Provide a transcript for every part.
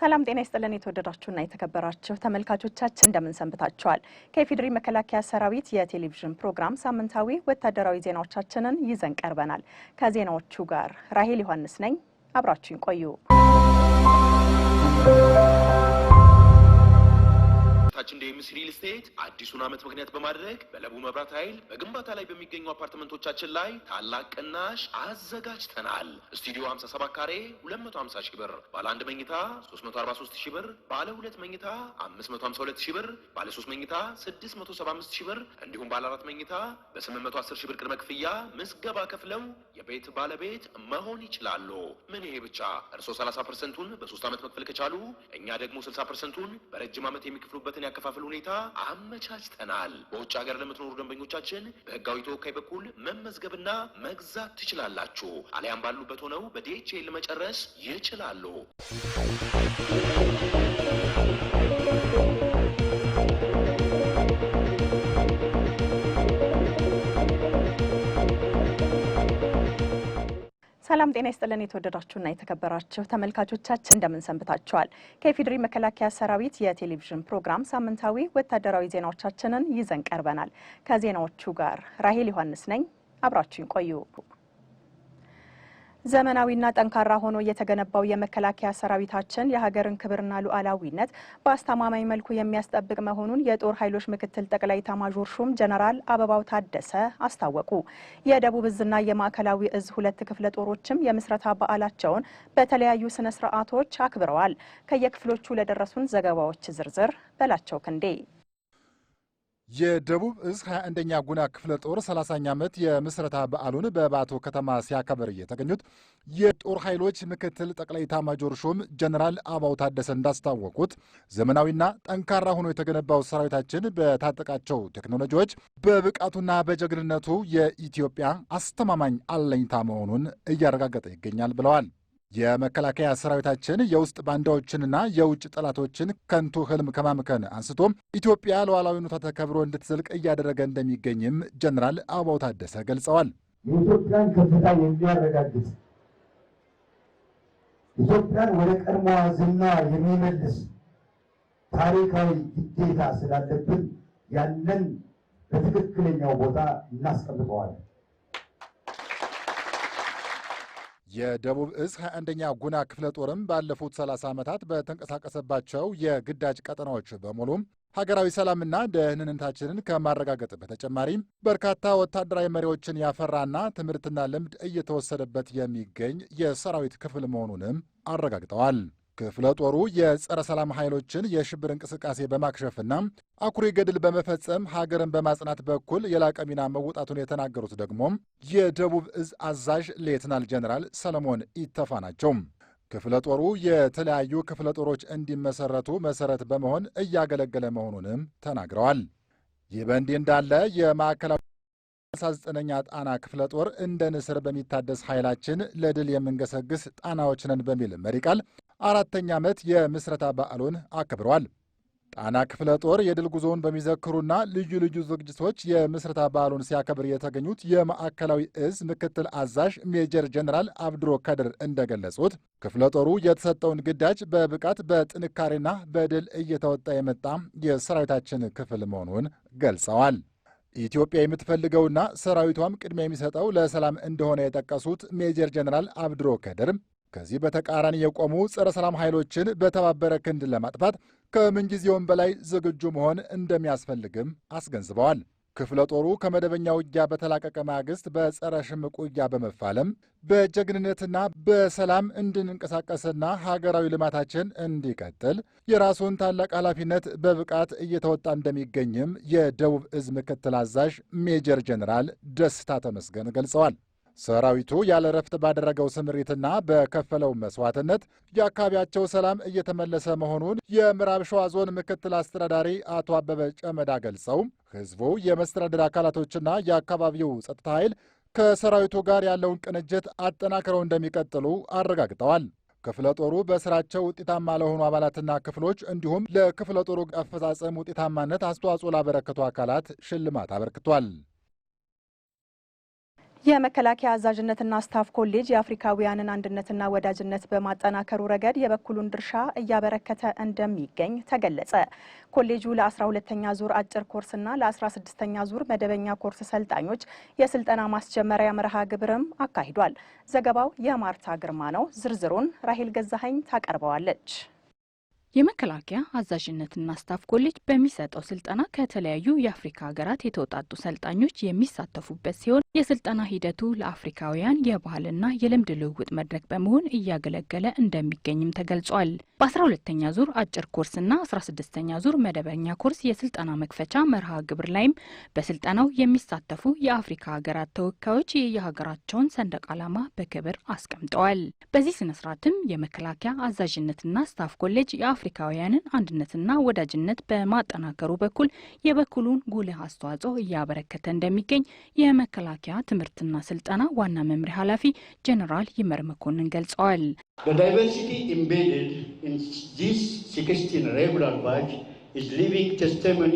ሰላም ጤና ይስጥልን። የተወደዳችሁና የተከበራችሁ ተመልካቾቻችን እንደምን ሰንብታችኋል? ከኢፌዴሪ መከላከያ ሰራዊት የቴሌቪዥን ፕሮግራም ሳምንታዊ ወታደራዊ ዜናዎቻችንን ይዘን ቀርበናል። ከዜናዎቹ ጋር ራሄል ዮሐንስ ነኝ። አብራችሁን ቆዩ። የራሳችን ዴምስ ሪል ስቴት አዲሱን ዓመት ምክንያት በማድረግ በለቡ መብራት ኃይል በግንባታ ላይ በሚገኙ አፓርትመንቶቻችን ላይ ታላቅ ቅናሽ አዘጋጅተናል። ስቱዲዮ 57 ካሬ 250 ሺህ ብር፣ ባለ አንድ መኝታ 343 ሺህ ብር፣ ባለ ሁለት መኝታ 552 ሺህ ብር፣ ባለ ሶስት መኝታ 675 ሺህ ብር እንዲሁም ባለ አራት መኝታ በ810 ሺህ ብር ቅድመ ክፍያ ምዝገባ ከፍለው የቤት ባለቤት መሆን ይችላሉ። ምን ይሄ ብቻ እርስዎ 30 ፐርሰንቱን በሶስት ዓመት መክፈል ከቻሉ እኛ ደግሞ 60 ፐርሰንቱን በረጅም ዓመት የሚከፍሉበትን አከፋፈል ሁኔታ አመቻችተናል። በውጭ ሀገር ለምትኖሩ ደንበኞቻችን በህጋዊ ተወካይ በኩል መመዝገብና መግዛት ትችላላችሁ። አሊያም ባሉበት ሆነው በዲኤችኤል መጨረስ ይችላሉ። ሰላም ጤና ይስጥልን። የተወደዳችሁና የተከበራችሁ ተመልካቾቻችን እንደምን ሰንብታችኋል? ከኢፌዴሪ መከላከያ ሰራዊት የቴሌቪዥን ፕሮግራም ሳምንታዊ ወታደራዊ ዜናዎቻችንን ይዘን ቀርበናል። ከዜናዎቹ ጋር ራሄል ዮሐንስ ነኝ። አብራችሁን ቆዩ። ዘመናዊና ጠንካራ ሆኖ የተገነባው የመከላከያ ሰራዊታችን የሀገርን ክብርና ሉዓላዊነት በአስተማማኝ መልኩ የሚያስጠብቅ መሆኑን የጦር ኃይሎች ምክትል ጠቅላይ ኤታማዦር ሹም ጀነራል አበባው ታደሰ አስታወቁ። የደቡብ እዝና የማዕከላዊ እዝ ሁለት ክፍለ ጦሮችም የምስረታ በዓላቸውን በተለያዩ ስነ ስርዓቶች አክብረዋል። ከየክፍሎቹ ለደረሱን ዘገባዎች ዝርዝር በላቸው ክንዴ የደቡብ እዝ 21ኛ ጉና ክፍለ ጦር 30ኛ ዓመት የምስረታ በዓሉን በባቶ ከተማ ሲያከብር የተገኙት የጦር ኃይሎች ምክትል ጠቅላይ ኤታማዦር ሹም ጀነራል አባው ታደሰ እንዳስታወቁት ዘመናዊና ጠንካራ ሆኖ የተገነባው ሰራዊታችን በታጠቃቸው ቴክኖሎጂዎች በብቃቱና በጀግንነቱ የኢትዮጵያ አስተማማኝ አለኝታ መሆኑን እያረጋገጠ ይገኛል ብለዋል። የመከላከያ ሰራዊታችን የውስጥ ባንዳዎችንና የውጭ ጠላቶችን ከንቱ ህልም ከማምከን አንስቶ ኢትዮጵያ ሉዓላዊነቷ ተከብሮ እንድትዘልቅ እያደረገ እንደሚገኝም ጀነራል አበባው ታደሰ ገልጸዋል። የኢትዮጵያን ከፍታ የሚያረጋግጥ ኢትዮጵያን ወደ ቀድሞዋ ዝና የሚመልስ ታሪካዊ ግዴታ ስላለብን ያንን በትክክለኛው ቦታ እናስቀምጠዋለን። የደቡብ እዝ 21ኛ ጉና ክፍለ ጦርም ባለፉት 30 ዓመታት በተንቀሳቀሰባቸው የግዳጅ ቀጠናዎች በሙሉ ሀገራዊ ሰላምና ደህንነታችንን ከማረጋገጥ በተጨማሪ በርካታ ወታደራዊ መሪዎችን ያፈራና ትምህርትና ልምድ እየተወሰደበት የሚገኝ የሰራዊት ክፍል መሆኑንም አረጋግጠዋል። ክፍለ ጦሩ የጸረ ሰላም ኃይሎችን የሽብር እንቅስቃሴ በማክሸፍና አኩሪ ገድል በመፈጸም ሀገርን በማጽናት በኩል የላቀ ሚና መወጣቱን የተናገሩት ደግሞ የደቡብ እዝ አዛዥ ሌትናል ጀኔራል ሰለሞን ኢተፋ ናቸው። ክፍለ ጦሩ የተለያዩ ክፍለ ጦሮች እንዲመሰረቱ መሰረት በመሆን እያገለገለ መሆኑንም ተናግረዋል። ይህ በእንዲህ እንዳለ የማዕከላዊ 59ኛ ጣና ክፍለ ጦር እንደ ንስር በሚታደስ ኃይላችን ለድል የምንገሰግስ ጣናዎች ነን በሚል መሪ ቃል አራተኛ ዓመት የምስረታ በዓሉን አክብረዋል። ጣና ክፍለ ጦር የድል ጉዞውን በሚዘክሩና ልዩ ልዩ ዝግጅቶች የምስረታ በዓሉን ሲያከብር የተገኙት የማዕከላዊ እዝ ምክትል አዛዥ ሜጀር ጀነራል አብድሮ ከድር እንደገለጹት ክፍለ ጦሩ የተሰጠውን ግዳጅ በብቃት በጥንካሬና በድል እየተወጣ የመጣ የሰራዊታችን ክፍል መሆኑን ገልጸዋል። ኢትዮጵያ የምትፈልገውና ሰራዊቷም ቅድሚያ የሚሰጠው ለሰላም እንደሆነ የጠቀሱት ሜጀር ጀነራል አብድሮ ከድር ከዚህ በተቃራኒ የቆሙ ጸረ ሰላም ኃይሎችን በተባበረ ክንድ ለማጥፋት ከምንጊዜውም በላይ ዝግጁ መሆን እንደሚያስፈልግም አስገንዝበዋል። ክፍለ ጦሩ ከመደበኛ ውጊያ በተላቀቀ ማግስት በጸረ ሽምቅ ውጊያ በመፋለም በጀግንነትና በሰላም እንድንንቀሳቀስና ሀገራዊ ልማታችን እንዲቀጥል የራሱን ታላቅ ኃላፊነት በብቃት እየተወጣ እንደሚገኝም የደቡብ እዝ ምክትል አዛዥ ሜጀር ጀኔራል ደስታ ተመስገን ገልጸዋል። ሰራዊቱ ያለ ረፍት ባደረገው ስምሪትና በከፈለው መስዋዕትነት የአካባቢያቸው ሰላም እየተመለሰ መሆኑን የምዕራብ ሸዋ ዞን ምክትል አስተዳዳሪ አቶ አበበ ጨመዳ ገልጸው ህዝቡ የመስተዳደር አካላቶችና የአካባቢው ጸጥታ ኃይል ከሰራዊቱ ጋር ያለውን ቅንጅት አጠናክረው እንደሚቀጥሉ አረጋግጠዋል። ክፍለ ጦሩ በስራቸው ውጤታማ ለሆኑ አባላትና ክፍሎች እንዲሁም ለክፍለ ጦሩ አፈጻጸም ውጤታማነት አስተዋጽኦ ላበረከቱ አካላት ሽልማት አበርክቷል። የመከላከያ አዛዥነትና ስታፍ ኮሌጅ የአፍሪካውያንን አንድነትና ወዳጅነት በማጠናከሩ ረገድ የበኩሉን ድርሻ እያበረከተ እንደሚገኝ ተገለጸ። ኮሌጁ ለ12ተኛ ዙር አጭር ኮርስና ለ16ተኛ ዙር መደበኛ ኮርስ ሰልጣኞች የስልጠና ማስጀመሪያ መርሃ ግብርም አካሂዷል። ዘገባው የማርታ ግርማ ነው። ዝርዝሩን ራሄል ገዛሀኝ ታቀርበዋለች። የመከላከያ አዛዥነትና ስታፍ ኮሌጅ በሚሰጠው ስልጠና ከተለያዩ የአፍሪካ ሀገራት የተውጣጡ ሰልጣኞች የሚሳተፉበት ሲሆን የስልጠና ሂደቱ ለአፍሪካውያን የባህልና የልምድ ልውውጥ መድረክ በመሆን እያገለገለ እንደሚገኝም ተገልጿል። በአስራ ሁለተኛ ዙር አጭር ኮርስና አስራ ስድስተኛ ዙር መደበኛ ኮርስ የስልጠና መክፈቻ መርሃ ግብር ላይም በስልጠናው የሚሳተፉ የአፍሪካ ሀገራት ተወካዮች የየሀገራቸውን ሰንደቅ ዓላማ በክብር አስቀምጠዋል። በዚህ ስነስርዓትም የመከላከያ አዛዥነትና ስታፍ ኮሌጅ የአፍሪካውያንን አንድነትና ወዳጅነት በማጠናከሩ በኩል የበኩሉን ጉልህ አስተዋጽኦ እያበረከተ እንደሚገኝ የመከላከያ ትምህርትና ስልጠና ዋና መምሪያ ኃላፊ ጀኔራል ይመር መኮንን ገልጸዋል። ሪጉላር ባጅ ኢዝ ሊቪንግ ቴስቲሞኒ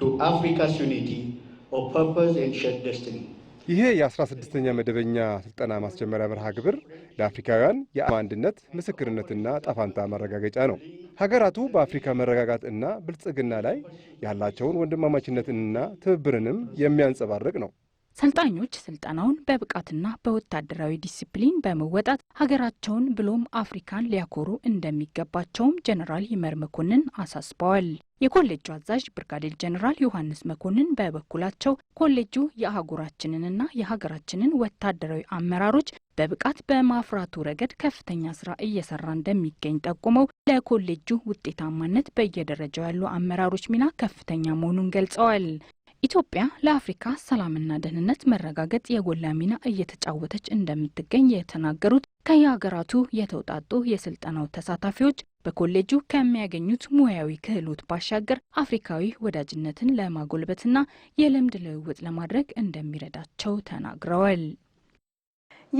ቱ አፍሪካስ ዩኒቲ ኦፍ ፐርፐስ ኤንድ ሼርድ ደስቲኒ ይሄ የ16ኛ መደበኛ ስልጠና ማስጀመሪያ መርሃ ግብር ለአፍሪካውያን የአንድነት ምስክርነትና ጣፋንታ ማረጋገጫ ነው። ሀገራቱ በአፍሪካ መረጋጋት እና ብልጽግና ላይ ያላቸውን ወንድማማችነትንና ትብብርንም የሚያንጸባርቅ ነው። ሰልጣኞች ስልጠናውን በብቃትና በወታደራዊ ዲሲፕሊን በመወጣት ሀገራቸውን ብሎም አፍሪካን ሊያኮሩ እንደሚገባቸውም ጀኔራል ይመር መኮንን አሳስበዋል። የኮሌጁ አዛዥ ብርጋዴር ጀኔራል ዮሐንስ መኮንን በበኩላቸው ኮሌጁ የአህጉራችንንና የሀገራችንን ወታደራዊ አመራሮች በብቃት በማፍራቱ ረገድ ከፍተኛ ስራ እየሰራ እንደሚገኝ ጠቁመው ለኮሌጁ ውጤታማነት በየደረጃው ያሉ አመራሮች ሚና ከፍተኛ መሆኑን ገልጸዋል። ኢትዮጵያ ለአፍሪካ ሰላምና ደህንነት መረጋገጥ የጎላ ሚና እየተጫወተች እንደምትገኝ የተናገሩት ከየሀገራቱ የተውጣጡ የስልጠናው ተሳታፊዎች በኮሌጁ ከሚያገኙት ሙያዊ ክህሎት ባሻገር አፍሪካዊ ወዳጅነትን ለማጎልበትና የልምድ ልውውጥ ለማድረግ እንደሚረዳቸው ተናግረዋል።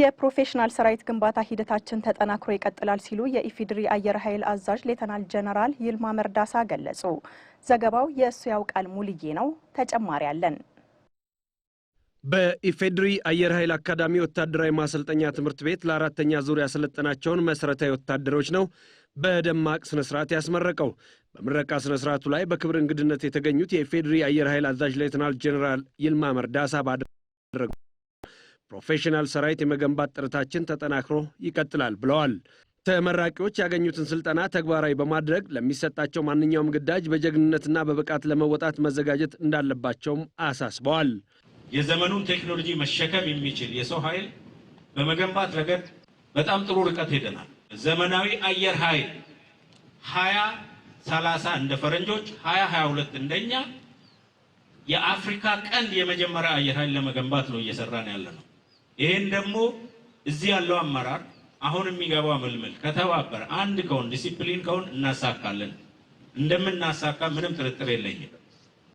የፕሮፌሽናል ሰራዊት ግንባታ ሂደታችን ተጠናክሮ ይቀጥላል ሲሉ የኢፌዴሪ አየር ኃይል አዛዥ ሌተናል ጀነራል ይልማ መርዳሳ ገለጹ። ዘገባው የእሱ ያውቃል ሙልዬ ነው። ተጨማሪ አለን። በኢፌድሪ አየር ኃይል አካዳሚ ወታደራዊ ማሰልጠኛ ትምህርት ቤት ለአራተኛ ዙር ያሰለጠናቸውን መሰረታዊ ወታደሮች ነው በደማቅ ስነ ስርዓት ያስመረቀው። በምረቃ ስነ ስርዓቱ ላይ በክብር እንግድነት የተገኙት የኢፌድሪ አየር ኃይል አዛዥ ሌተናል ጀኔራል ይልማ መርዳሳ ፕሮፌሽናል ሰራዊት የመገንባት ጥረታችን ተጠናክሮ ይቀጥላል ብለዋል። ተመራቂዎች ያገኙትን ስልጠና ተግባራዊ በማድረግ ለሚሰጣቸው ማንኛውም ግዳጅ በጀግንነትና በብቃት ለመወጣት መዘጋጀት እንዳለባቸውም አሳስበዋል። የዘመኑን ቴክኖሎጂ መሸከም የሚችል የሰው ኃይል በመገንባት ረገድ በጣም ጥሩ ርቀት ሄደናል። ዘመናዊ አየር ኃይል ሀያ ሰላሳ እንደ ፈረንጆች ሀያ ሀያ ሁለት እንደኛ የአፍሪካ ቀንድ የመጀመሪያ አየር ኃይል ለመገንባት ነው እየሰራን ያለ ነው። ይህን ደግሞ እዚህ ያለው አመራር አሁን የሚገባው ምልምል ከተባበረ አንድ ከሆን ዲሲፕሊን ከሆን እናሳካለን። እንደምናሳካ ምንም ጥርጥር የለኝም።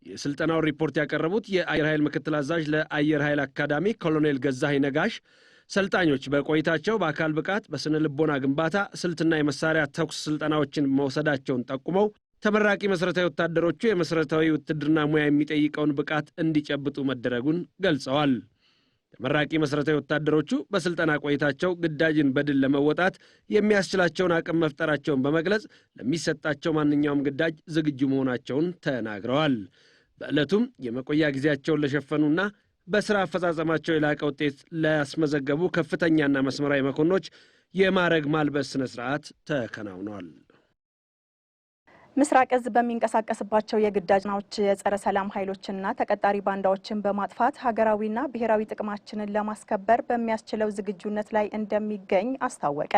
የስልጠናውን ሪፖርት ያቀረቡት የአየር ኃይል ምክትል አዛዥ ለአየር ኃይል አካዳሚ ኮሎኔል ገዛኸኝ ነጋሽ ሰልጣኞች በቆይታቸው በአካል ብቃት፣ በስነ ልቦና ግንባታ፣ ስልትና የመሳሪያ ተኩስ ስልጠናዎችን መውሰዳቸውን ጠቁመው ተመራቂ መሠረታዊ ወታደሮቹ የመሠረታዊ ውትድርና ሙያ የሚጠይቀውን ብቃት እንዲጨብጡ መደረጉን ገልጸዋል። ተመራቂ መሠረታዊ ወታደሮቹ በሥልጠና ቆይታቸው ግዳጅን በድል ለመወጣት የሚያስችላቸውን አቅም መፍጠራቸውን በመግለጽ ለሚሰጣቸው ማንኛውም ግዳጅ ዝግጁ መሆናቸውን ተናግረዋል። በዕለቱም የመቆያ ጊዜያቸውን ለሸፈኑና በሥራ አፈጻጸማቸው የላቀ ውጤት ላስመዘገቡ ከፍተኛና መስመራዊ መኮንኖች የማዕረግ ማልበስ ሥነ ሥርዓት ተከናውኗል። ምስራቅ እዝ በሚንቀሳቀስባቸው የግዳጅ ናዎች የጸረ ሰላም ኃይሎችና ተቀጣሪ ባንዳዎችን በማጥፋት ሀገራዊና ብሔራዊ ጥቅማችንን ለማስከበር በሚያስችለው ዝግጁነት ላይ እንደሚገኝ አስታወቀ።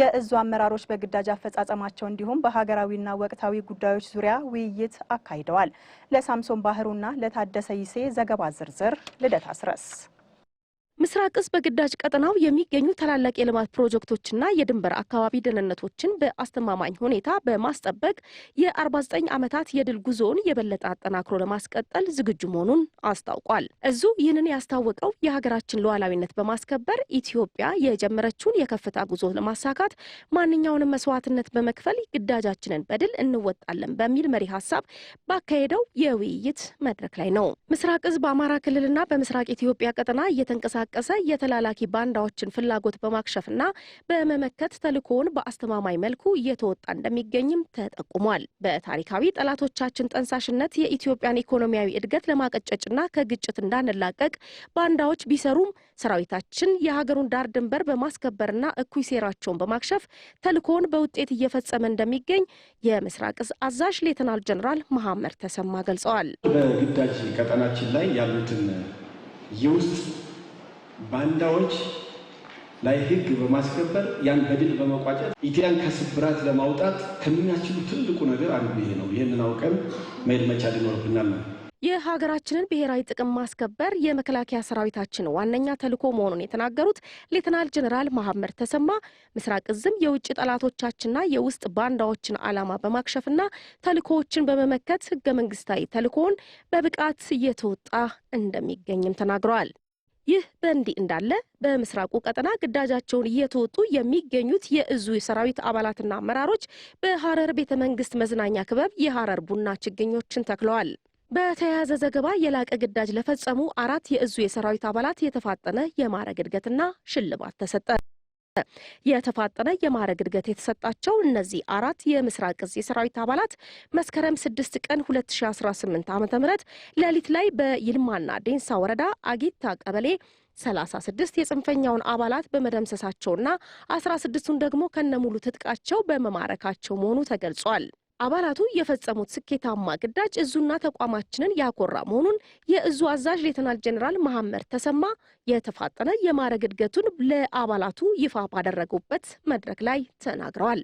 የእዙ አመራሮች በግዳጅ አፈጻጸማቸው እንዲሁም በሀገራዊና ወቅታዊ ጉዳዮች ዙሪያ ውይይት አካሂደዋል። ለሳምሶን ባህሩና ለታደሰ ይሴ ዘገባ ዝርዝር ልደት አስረስ ምስራቅ እዝ በግዳጅ ቀጠናው የሚገኙ ታላላቅ የልማት ፕሮጀክቶችና የድንበር አካባቢ ደህንነቶችን በአስተማማኝ ሁኔታ በማስጠበቅ የ49 ዓመታት የድል ጉዞውን የበለጠ አጠናክሮ ለማስቀጠል ዝግጁ መሆኑን አስታውቋል። እዙ ይህንን ያስታወቀው የሀገራችን ሉዓላዊነት በማስከበር ኢትዮጵያ የጀመረችውን የከፍታ ጉዞ ለማሳካት ማንኛውንም መስዋዕትነት በመክፈል ግዳጃችንን በድል እንወጣለን በሚል መሪ ሀሳብ ባካሄደው የውይይት መድረክ ላይ ነው። ምስራቅ እዝ በአማራ ክልልና በምስራቅ ኢትዮጵያ ቀጠና እየተንቀሳቀ እየተንቀሳቀሰ የተላላኪ ባንዳዎችን ፍላጎት በማክሸፍና በመመከት ተልእኮውን በአስተማማኝ መልኩ እየተወጣ እንደሚገኝም ተጠቁሟል። በታሪካዊ ጠላቶቻችን ጠንሳሽነት የኢትዮጵያን ኢኮኖሚያዊ እድገት ለማቀጨጭና ከግጭት እንዳንላቀቅ ባንዳዎች ቢሰሩም ሰራዊታችን የሀገሩን ዳር ድንበር በማስከበርና እኩይ ሴራቸውን በማክሸፍ ተልእኮውን በውጤት እየፈጸመ እንደሚገኝ የምስራቅ እዝ አዛዥ ሌተናል ጀኔራል መሐመድ ተሰማ ገልጸዋል። በግዳጅ ቀጠናችን ላይ ያሉትን የውስጥ ባንዳዎች ላይ ህግ በማስከበር ያን በድል በመቋጨት ኢትዮጵያን ከስብራት ለማውጣት ከሚያስችሉ ትልቁ ነገር አንዱ ይሄ ነው። ይህንን አውቀን መሄድ መቻል ይኖርብናል ነው። የሀገራችንን ብሔራዊ ጥቅም ማስከበር የመከላከያ ሰራዊታችን ዋነኛ ተልዕኮ መሆኑን የተናገሩት ሌተናል ጀኔራል መሐመድ ተሰማ ምስራቅ እዝም የውጭ ጠላቶቻችንና የውስጥ ባንዳዎችን ዓላማ በማክሸፍና ተልዕኮዎችን በመመከት ህገ መንግስታዊ ተልዕኮውን በብቃት እየተወጣ እንደሚገኝም ተናግረዋል። ይህ በእንዲህ እንዳለ በምስራቁ ቀጠና ግዳጃቸውን እየተወጡ የሚገኙት የእዙ የሰራዊት አባላትና አመራሮች በሐረር ቤተ መንግስት መዝናኛ ክበብ የሐረር ቡና ችግኞችን ተክለዋል። በተያያዘ ዘገባ የላቀ ግዳጅ ለፈጸሙ አራት የእዙ የሰራዊት አባላት የተፋጠነ የማዕረግ እድገትና ሽልማት ተሰጠ። የተፋጠነ የማዕረግ እድገት የተሰጣቸው እነዚህ አራት የምስራቅ እዝ የሰራዊት አባላት መስከረም 6 ቀን 2018 ዓ ም ሌሊት ላይ በይልማና ዴንሳ ወረዳ አጊታ ቀበሌ 36 የጽንፈኛውን አባላት በመደምሰሳቸውና 16ቱን ደግሞ ከነሙሉ ትጥቃቸው በመማረካቸው መሆኑ ተገልጿል። አባላቱ የፈጸሙት ስኬታማ ግዳጅ እዙና ተቋማችንን ያኮራ መሆኑን የእዙ አዛዥ ሌተናል ጀኔራል መሐመድ ተሰማ የተፋጠነ የማዕረግ እድገቱን ለአባላቱ ይፋ ባደረጉበት መድረክ ላይ ተናግረዋል።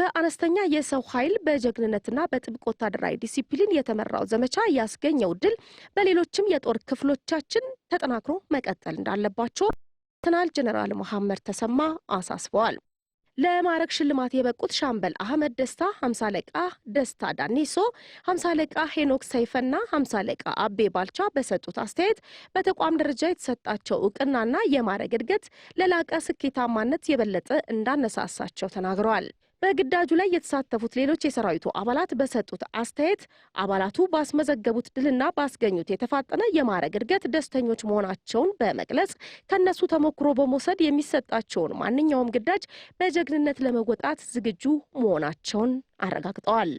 በአነስተኛ የሰው ኃይል በጀግንነትና በጥብቅ ወታደራዊ ዲሲፕሊን የተመራው ዘመቻ ያስገኘው ድል በሌሎችም የጦር ክፍሎቻችን ተጠናክሮ መቀጠል እንዳለባቸው ሌተናል ጀኔራል መሐመድ ተሰማ አሳስበዋል። ለማዕረግ ሽልማት የበቁት ሻምበል አህመድ ደስታ፣ ሀምሳ አለቃ ደስታ ዳኒሶ፣ ሀምሳ አለቃ ሄኖክ ሰይፈና ሀምሳ አለቃ አቤ ባልቻ በሰጡት አስተያየት በተቋም ደረጃ የተሰጣቸው እውቅናና የማዕረግ እድገት ለላቀ ስኬታማነት የበለጠ እንዳነሳሳቸው ተናግረዋል። በግዳጁ ላይ የተሳተፉት ሌሎች የሰራዊቱ አባላት በሰጡት አስተያየት አባላቱ ባስመዘገቡት ድልና ባስገኙት የተፋጠነ የማዕረግ እድገት ደስተኞች መሆናቸውን በመግለጽ ከነሱ ተሞክሮ በመውሰድ የሚሰጣቸውን ማንኛውም ግዳጅ በጀግንነት ለመወጣት ዝግጁ መሆናቸውን አረጋግጠዋል።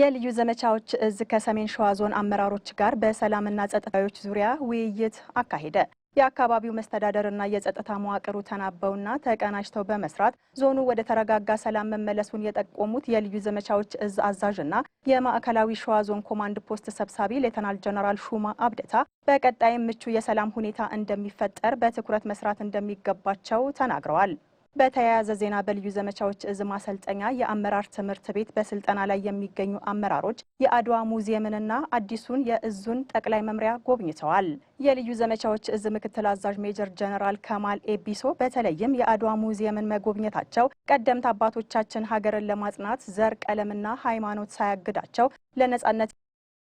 የልዩ ዘመቻዎች እዝ ከሰሜን ሸዋ ዞን አመራሮች ጋር በሰላምና ጸጥታዎች ዙሪያ ውይይት አካሄደ። የአካባቢው መስተዳደርና የጸጥታ መዋቅሩ ተናበውና ተቀናጅተው በመስራት ዞኑ ወደ ተረጋጋ ሰላም መመለሱን የጠቆሙት የልዩ ዘመቻዎች እዝ አዛዥና የማዕከላዊ ሸዋ ዞን ኮማንድ ፖስት ሰብሳቢ ሌተናል ጀነራል ሹማ አብደታ በቀጣይም ምቹ የሰላም ሁኔታ እንደሚፈጠር በትኩረት መስራት እንደሚገባቸው ተናግረዋል። በተያያዘ ዜና በልዩ ዘመቻዎች እዝ ማሰልጠኛ የአመራር ትምህርት ቤት በስልጠና ላይ የሚገኙ አመራሮች የአድዋ ሙዚየምንና አዲሱን የእዙን ጠቅላይ መምሪያ ጎብኝተዋል። የልዩ ዘመቻዎች እዝ ምክትል አዛዥ ሜጀር ጀነራል ከማል ኤቢሶ በተለይም የአድዋ ሙዚየምን መጎብኘታቸው ቀደምት አባቶቻችን ሀገርን ለማጽናት ዘር፣ ቀለምና ሃይማኖት ሳያግዳቸው ለነጻነት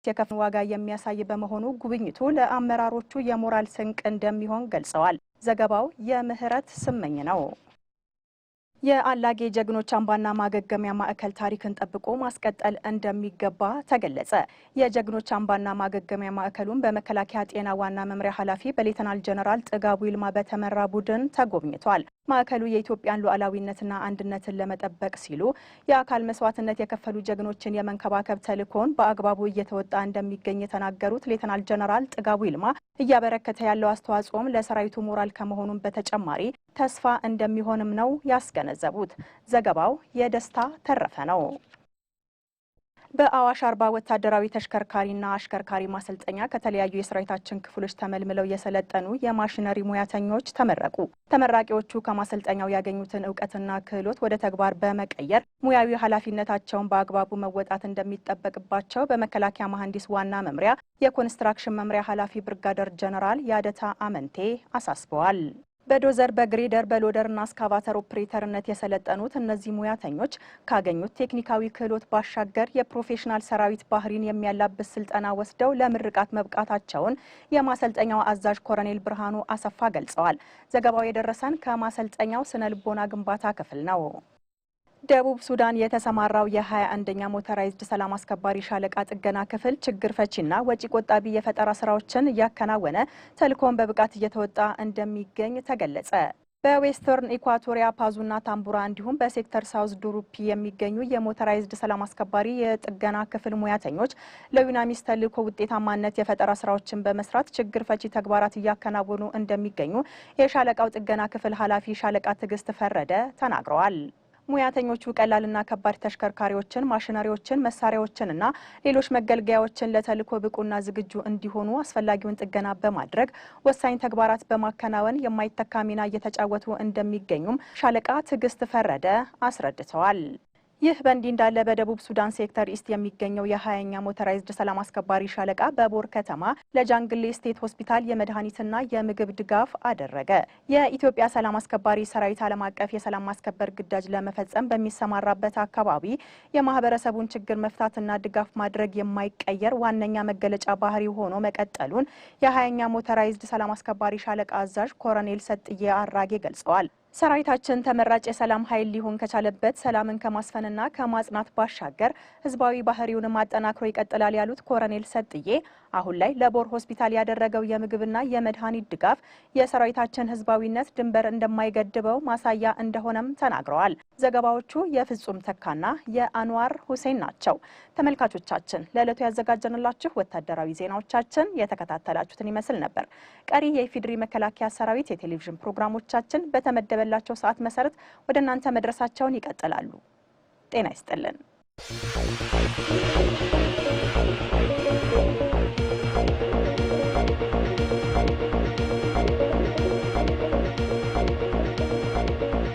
የከፍን ዋጋ የሚያሳይ በመሆኑ ጉብኝቱ ለአመራሮቹ የሞራል ስንቅ እንደሚሆን ገልጸዋል። ዘገባው የምህረት ስመኝ ነው። የአላጌ ጀግኖች አምባና ማገገሚያ ማዕከል ታሪክን ጠብቆ ማስቀጠል እንደሚገባ ተገለጸ። የጀግኖች አምባና ማገገሚያ ማዕከሉን በመከላከያ ጤና ዋና መምሪያ ኃላፊ በሌተናል ጀነራል ጥጋቡ ይልማ በተመራ ቡድን ተጎብኝቷል። ማዕከሉ የኢትዮጵያን ሉዓላዊነትና አንድነትን ለመጠበቅ ሲሉ የአካል መስዋዕትነት የከፈሉ ጀግኖችን የመንከባከብ ተልዕኮውን በአግባቡ እየተወጣ እንደሚገኝ የተናገሩት ሌተናል ጀነራል ጥጋቡ ይልማ እያበረከተ ያለው አስተዋጽኦም ለሰራዊቱ ሞራል ከመሆኑን በተጨማሪ ተስፋ እንደሚሆንም ነው ያስገነዘቡት። ዘገባው የደስታ ተረፈ ነው። በአዋሽ አርባ ወታደራዊ ተሽከርካሪና አሽከርካሪ ማሰልጠኛ ከተለያዩ የሰራዊታችን ክፍሎች ተመልምለው የሰለጠኑ የማሽነሪ ሙያተኞች ተመረቁ። ተመራቂዎቹ ከማሰልጠኛው ያገኙትን እውቀትና ክህሎት ወደ ተግባር በመቀየር ሙያዊ ኃላፊነታቸውን በአግባቡ መወጣት እንደሚጠበቅባቸው በመከላከያ መሐንዲስ ዋና መምሪያ የኮንስትራክሽን መምሪያ ኃላፊ ብርጋደር ጀነራል ያደታ አመንቴ አሳስበዋል። በዶዘር በግሬደር በሎደርና እስካቫተር ኦፕሬተርነት የሰለጠኑት እነዚህ ሙያተኞች ካገኙት ቴክኒካዊ ክህሎት ባሻገር የፕሮፌሽናል ሰራዊት ባህሪን የሚያላብስ ስልጠና ወስደው ለምርቃት መብቃታቸውን የማሰልጠኛው አዛዥ ኮረኔል ብርሃኑ አሰፋ ገልጸዋል። ዘገባው የደረሰን ከማሰልጠኛው ስነ ልቦና ግንባታ ክፍል ነው። ደቡብ ሱዳን የተሰማራው የ21ኛ ሞተራይዝድ ሰላም አስከባሪ ሻለቃ ጥገና ክፍል ችግር ፈቺና ወጪ ቆጣቢ የፈጠራ ስራዎችን እያከናወነ ተልእኮውን በብቃት እየተወጣ እንደሚገኝ ተገለጸ። በዌስተርን ኢኳቶሪያ ፓዙና ታምቡራ እንዲሁም በሴክተር ሳውዝ ዱሩፒ የሚገኙ የሞተራይዝድ ሰላም አስከባሪ የጥገና ክፍል ሙያተኞች ለዩናሚስ ተልእኮ ውጤታማነት የፈጠራ ስራዎችን በመስራት ችግር ፈቺ ተግባራት እያከናወኑ እንደሚገኙ የሻለቃው ጥገና ክፍል ኃላፊ ሻለቃ ትዕግስት ፈረደ ተናግረዋል። ሙያተኞቹ ቀላልና ከባድ ተሽከርካሪዎችን፣ ማሽነሪዎችን፣ መሳሪያዎችን እና ሌሎች መገልገያዎችን ለተልዕኮ ብቁና ዝግጁ እንዲሆኑ አስፈላጊውን ጥገና በማድረግ ወሳኝ ተግባራት በማከናወን የማይተካ ሚና እየተጫወቱ እንደሚገኙም ሻለቃ ትዕግስት ፈረደ አስረድተዋል። ይህ በእንዲህ እንዳለ በደቡብ ሱዳን ሴክተር ኢስት የሚገኘው የሀያኛ ሞተራይዝድ ሰላም አስከባሪ ሻለቃ በቦር ከተማ ለጃንግሌ ስቴት ሆስፒታል የመድኃኒትና የምግብ ድጋፍ አደረገ። የኢትዮጵያ ሰላም አስከባሪ ሰራዊት ዓለም አቀፍ የሰላም ማስከበር ግዳጅ ለመፈጸም በሚሰማራበት አካባቢ የማህበረሰቡን ችግር መፍታትና ድጋፍ ማድረግ የማይቀየር ዋነኛ መገለጫ ባህሪ ሆኖ መቀጠሉን የሀያኛ ሞተራይዝድ ሰላም አስከባሪ ሻለቃ አዛዥ ኮረኔል ሰጥዬ አራጌ ገልጸዋል። ሰራዊታችን ተመራጭ የሰላም ኃይል ሊሆን ከቻለበት ሰላምን ከማስፈንና ከማጽናት ባሻገር ህዝባዊ ባህሪውን ማጠናክሮ ይቀጥላል ያሉት ኮረኔል ሰጥዬ አሁን ላይ ለቦር ሆስፒታል ያደረገው የምግብና የመድኃኒት ድጋፍ የሰራዊታችን ህዝባዊነት ድንበር እንደማይገድበው ማሳያ እንደሆነም ተናግረዋል። ዘገባዎቹ የፍጹም ተካና የአንዋር ሁሴን ናቸው። ተመልካቾቻችን ለዕለቱ ያዘጋጀንላችሁ ወታደራዊ ዜናዎቻችን የተከታተላችሁትን ይመስል ነበር። ቀሪ የኢፌዴሪ መከላከያ ሰራዊት የቴሌቪዥን ፕሮግራሞቻችን በተመደበላቸው ሰዓት መሰረት ወደ እናንተ መድረሳቸውን ይቀጥላሉ። ጤና ይስጥልን።